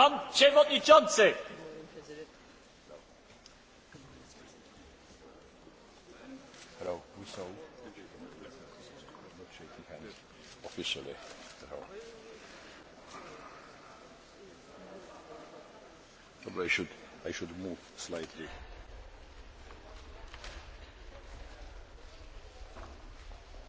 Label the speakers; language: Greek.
Speaker 1: Pan
Speaker 2: Przewodniczący!
Speaker 1: Hello,
Speaker 3: we saw not
Speaker 4: officially.
Speaker 5: Probably I should, I should move slightly.